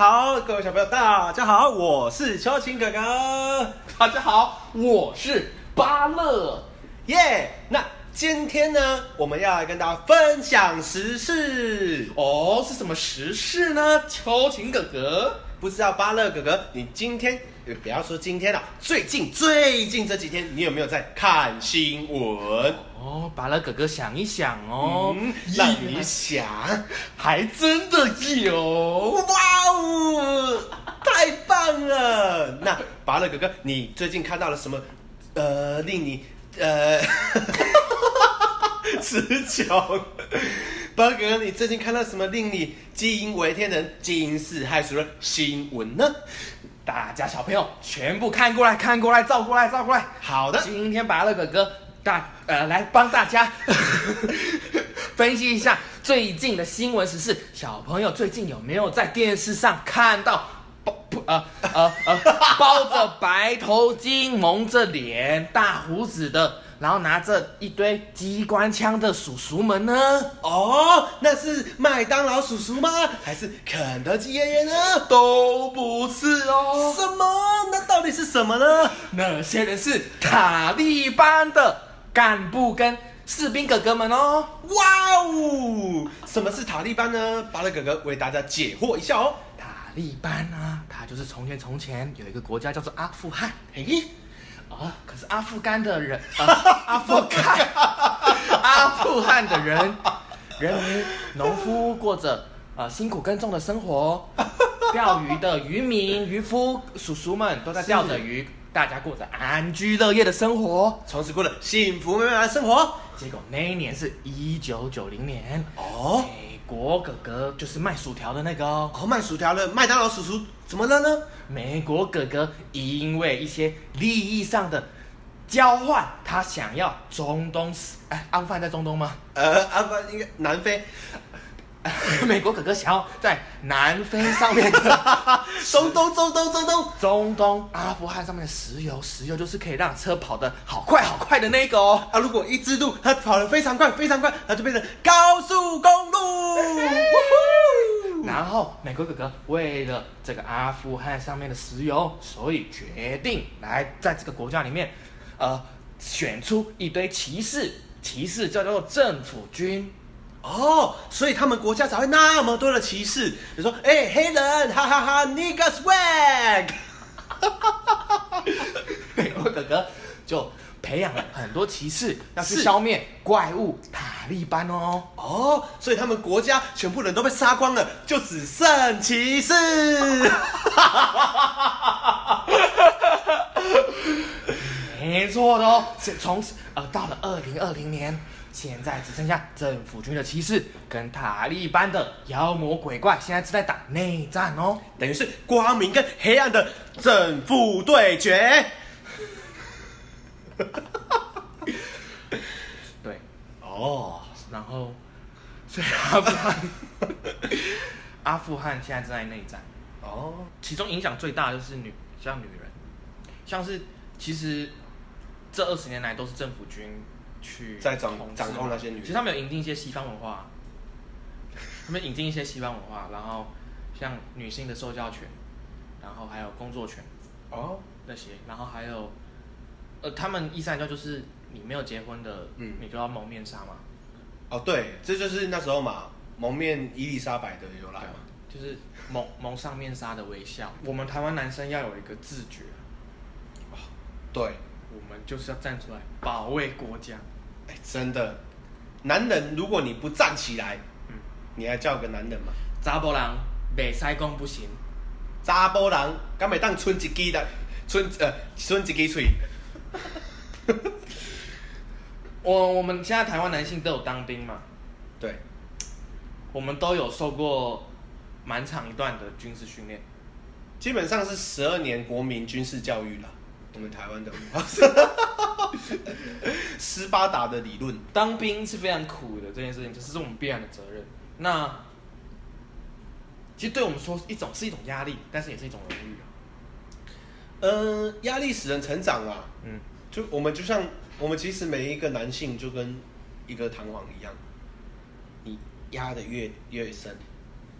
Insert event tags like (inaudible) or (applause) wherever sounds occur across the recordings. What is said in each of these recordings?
好，各位小朋友大家好，大家好，我是秋晴哥哥。大家好，我是巴樂耶。Yeah, 那今天呢，我們要來跟大家分享時事。哦，是什麼時事呢？秋晴哥哥不知道，巴樂哥哥，你今天。不要說今天了，最近最近這幾天，你有沒有在看新聞？哦，拔了哥哥想一想哦，令、嗯嗯、你想、嗯，還真的有，哇哦，太棒了！ (laughs) 那拔了哥哥，你最近看到了什麼？呃，令你呃，持 (laughs) 久 (laughs) 詞窮？拔 (laughs) 了哥哥，你最近看到什麼令你驚為天人、驚世駭俗的新聞呢？大家小朋友全部看過來看過來，照過來，照過來。好的，今天把樂哥哥大呃來幫大家 (laughs) 分析一下最近的新聞時事。小朋友最近有沒有在電視上看到包呃呃呃包着白頭巾、蒙着臉、大鬍子的？然後拿着一堆機關槍的叔叔們呢？哦，那是麥當勞叔叔嗎？還是肯德基爺爺呢？都不是哦。什麼？那到底是什麼呢？那些人是塔利班的幹部跟士兵哥哥們哦。哇哦，什麼是塔利班呢？巴德哥哥為大家解惑一下哦。塔利班啊，他就是從前從前有一個國家叫做阿富汗。誒。啊、哦！可是阿富汗的人，啊、呃，阿富汗，阿富汗的人，人民、農夫過着、呃、辛苦耕種的生活，釣魚的漁民、漁夫、叔叔們都在釣着著魚， (laughs) 大家過着安居樂業的生活，從此過了幸福美滿的生活。結果那一年是一九九零年哦。欸國哥哥就是賣薯條的那個哦，哦賣薯條的麥當勞叔叔怎麼了呢？美國哥哥因為一些利益上的交換，他想要中東，哎，阿富汗在中東嗎？呃，阿富汗應該南非。美國哥哥想要在南非上面，中東中東中東中東,東,東,東,東,東阿富汗上面的石油，石油就是可以讓車跑得好快好快的那一個哦。啊，如果一隻鹿它跑得非常快非常快，它就變成高速公路，嗯。然後美國哥哥為了這個阿富汗上面的石油，所以決定來在這個國家裡面，呃，選出一堆騎士，騎士叫，叫做政府軍。哦，所以他們國家才會那麼多的歧視。比如說，誒、欸、黑人，哈哈哈 nigger swag，哈哈哈哈哈美國哥哥就培養了很多歧視，要去消滅怪物塔利班哦。哦，所以他們國家全部人都被殺光了，就只剩歧視。哈哈哈哈哈哈！哈哈哈哈哈。沒錯的哦，從此呃到了二零二零年，現在只剩下政府軍的騎士跟塔利班的妖魔鬼怪，現在正在打內戰哦，等於是光明跟黑暗的正負對決。 (laughs) 對，哦、oh，然後，所以阿富汗， (laughs) 阿富汗現在正在內戰，哦、oh，其中影響最大的就是女，像女人，像是其實。這二十年來都是政府軍去掌控那些女人，其實他們有引進一些西方文化， (laughs) 他們引進一些西方文化，然後像女性的受教權，然後還有工作權，哦，那些，然後還有，呃，他們伊斯蘭教就是你沒有結婚的，嗯、你就要蒙面紗嘛。哦，對，這就是那時候嘛，蒙面伊麗莎白的由來嘛，就是蒙蒙上面紗的微笑。 (laughs) 我們台灣男生要有一個自覺，哦、對。我們就是要站出來保衛國家，哎、欸，真的，男人如果你不站起來，嗯、你還叫個男人嗎？查甫人袂使講不行，查甫人敢會當剩一支牙，剩呃，剩一支嘴。 (laughs) (laughs) 我我們現在台灣男性都有當兵嘛？對，我們都有受過滿長一段的軍事訓練，基本上是十二年國民軍事教育了。我們台灣的文化是斯巴達的理論，當兵是非常苦的，這件事情就是我們必然的責任。那其實對我們說，一種是一種壓力，但是也是一種榮譽。嗯、呃，壓力使人成長啊。嗯，就我們就像我們其實每一個男性就跟一個彈簧一樣，你壓的越越深，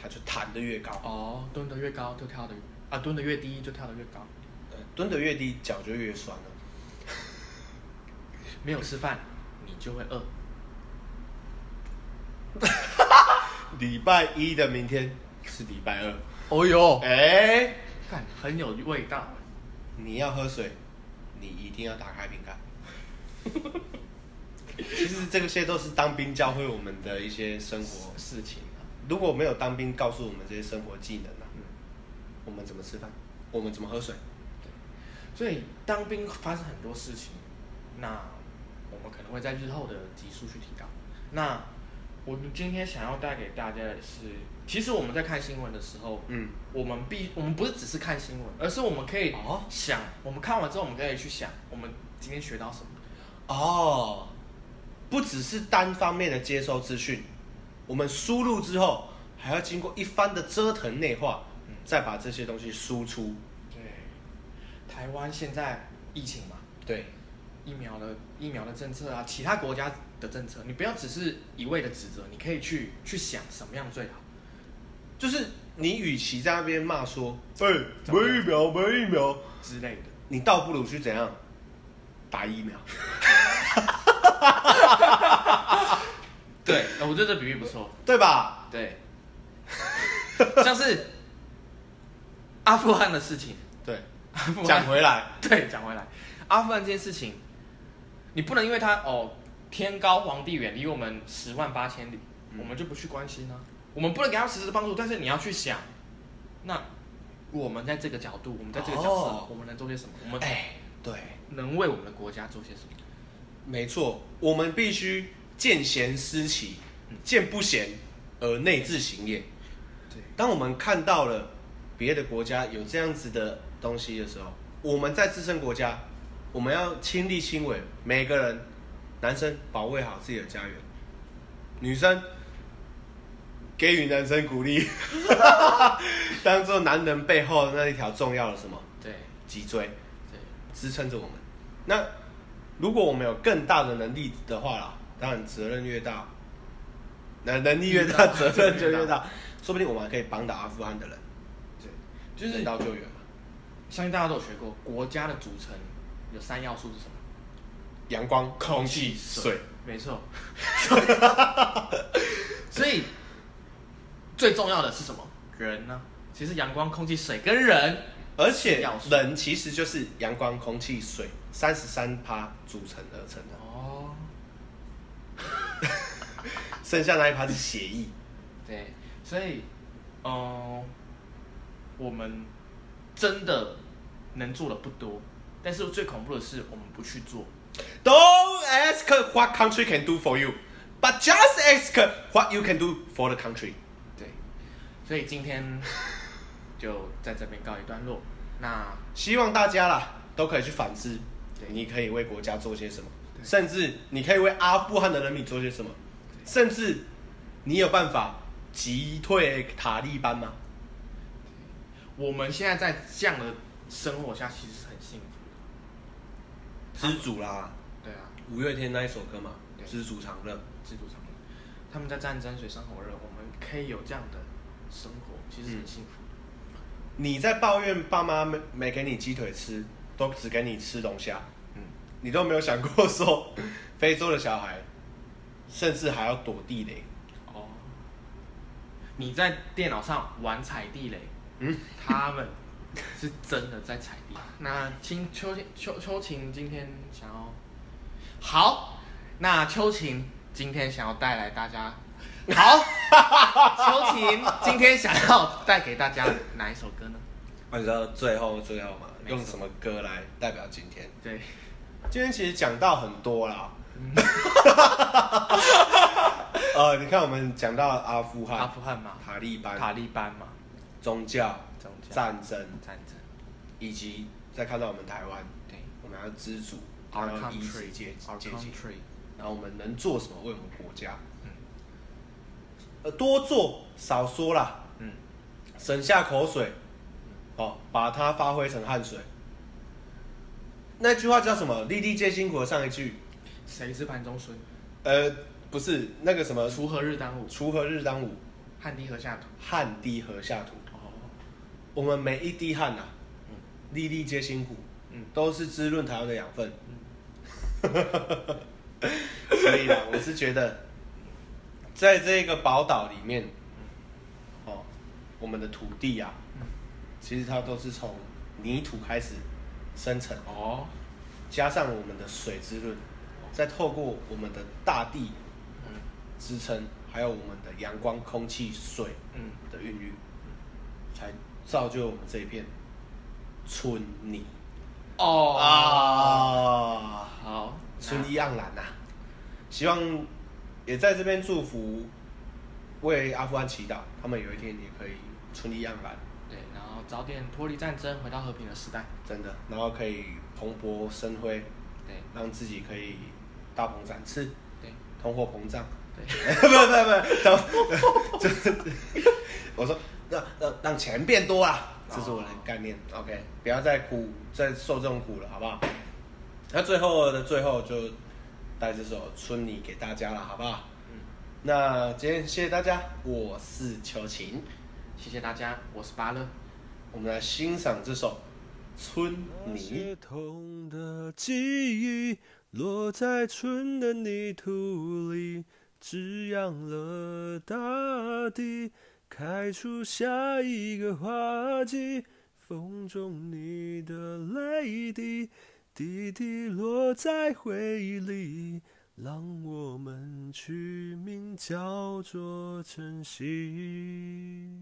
他就彈的越高。哦，蹲的越高就跳的啊，蹲的越低就跳的越高。蹲得越低，腳就越酸了。 (laughs) 沒有吃飯，你就會餓。哈哈哈，禮拜一的明天是禮拜二。哦呦，哎、欸，看很有味道。你要喝水，你一定要打開瓶蓋。哈哈哈哈，其實這些都是當兵教會我們的一些生活事情、啊、如果沒有當兵告訴我們這些生活技能、啊、嗯，我們怎麼吃飯？我們怎麼喝水？所以當兵發生很多事情，那我們可能會在日後的集數去提高。那我們今天想要帶給大家的是，其實我們在看新聞的時候，嗯，我們必我們不是只是看新聞、嗯，而是我們可以想、哦，我們看完之後我們可以去想，我們今天學到什麼？哦，不只是單方面的接收資訊，我們輸入之後還要經過一番的折騰內化，嗯、再把這些東西輸出。台灣現在疫情嘛對，對疫苗的疫苗的政策啊，其他國家的政策，你不要只是一味的指責，你可以去去想什麼樣最好。就是你與其在那邊罵說“哎、欸，沒疫苗，沒疫苗”之類的，你倒不如去怎樣打疫苗。 (laughs) (laughs) (laughs) 對，我覺得這比喻不錯，對吧？對， (laughs) 像是阿富汗的事情，對。講 (laughs) 講回來， (laughs) 對，講回來，阿富汗這件事情，你不能因為他哦，天高皇帝遠，離我們十萬八千里，嗯、我們就不去關心他。我們不能給他實質的幫助，但是你要去想，那我們在這個角度，我們在這個角色、哦，我們能做些什麼？我們哎，對，能為我們的國家做些什麼？沒錯，我們必須見賢思齊，見不賢而內自省也。對，當我們看到了別的國家有這樣子的。東西的時候，我們在自身國家，我們要親力親為。每個人，男生保衛好自己的家園，女生給予男生鼓勵， (laughs) (laughs) 當做男人背後那一條重要的什麼？對，脊椎，對，對支撐着我們。那如果我們有更大的能力的話啦，當然責任越大，能能力越大，大，責任就越大，大。說不定我們還可以幫到阿富汗的人，對，就是人道救援。相信大家都有學過，國家的組成有三要素是什麼？陽光、空氣、水。沒錯。 (laughs) 所以 (laughs) 最重要的是什麼？人呢、啊？其實陽光、空氣、水跟人，而且人其實就是陽光、空氣、水三十三趴組成而成的。哦。 (laughs) 剩下那一趴是歧視。 (laughs) 對，所以嗯、呃，我們。真的能做的不多，但是最恐怖的是我們不去做。Don't ask what country can do for you, but just ask what you can do for the country。對，所以今天就在這邊告一段落。 (laughs) 那希望大家啦都可以去反思，你可以為國家做些什麼，甚至你可以為阿富汗的人民做些什麼，甚至你有辦法擊退塔利班嗎？我們現在在這樣的生活下，其實很幸福的，知足啦、啊。對啊。五月天那一首歌嘛，知足常樂，知足常樂。他們在戰爭水深火熱，我們可以有這樣的生活，其實很幸福的、嗯。你在抱怨爸媽沒沒給你雞腿吃，都只給你吃龍蝦、嗯，你都沒有想過說非洲的小孩，甚至還要躲地雷。哦。你在電腦上玩踩地雷。嗯， (laughs) 他們是真的在踩地。 (laughs) 那請秋秋秋晴今天想要好，那秋晴今天想要帶來大家好， (laughs) 秋晴今天想要帶給， (laughs) 給大家哪一首歌呢？你知道最後最後嘛，用什麼歌來代表今天？對，今天其實講到很多啦。 (laughs) (laughs) (laughs) 呃，你看我們講到阿富汗，阿富汗嘛，塔利班，塔利班嘛。宗教、戰爭，戰爭以及再看到我們台灣，我們要知足，然後一起結結集，然後我們能做什麼為我們國家？嗯呃、多做少說啦、嗯，省下口水，嗯哦、把它發揮成汗水。那句話叫什麼？“粒粒皆辛苦”的上一句？誰知盤中餐？呃，不是那個什麼“鋤、嗯、禾日當午”，“鋤禾日當午，汗滴禾下土”，“汗滴禾下土”。我們每一滴汗啊，粒粒皆辛苦，都是滋潤台灣的養分， (laughs) 所以我是覺得，在這個寶島裡面，哦，我們的土地啊，其實它都是從泥土開始生成哦，加上我們的水滋潤，再透過我們的大地支撐，還有我們的陽光、空氣、水的孕育，才。造就我們這一片春泥哦，好、oh, oh, oh, oh, 春意盎然吶、啊！希望也在這邊祝福，為阿富汗祈禱，他們有一天也可以春意盎然。對，然後早點脫離戰爭，回到和平的時代。真的，然後可以蓬勃生輝。對，讓自己可以大鵬展翅。對，通貨膨脹。對， (laughs) 沒有，沒有，沒有，對對對 (laughs) (laughs) (laughs) 我說。讓讓讓錢變多啊！這是我的概念。Oh. OK，不要再苦，再受這種苦了，好不好？那最後的最後，就帶這首《春泥》給大家了，好不好？嗯。那今天謝謝大家，我是邱晴。謝謝大家，我是芭樂。我們來欣賞這首《春泥》。的記憶落在春的泥土裡，滋養了大地開出下一個花季，風中你的淚滴，滴滴落在回憶裡，讓我們取名叫做珍惜。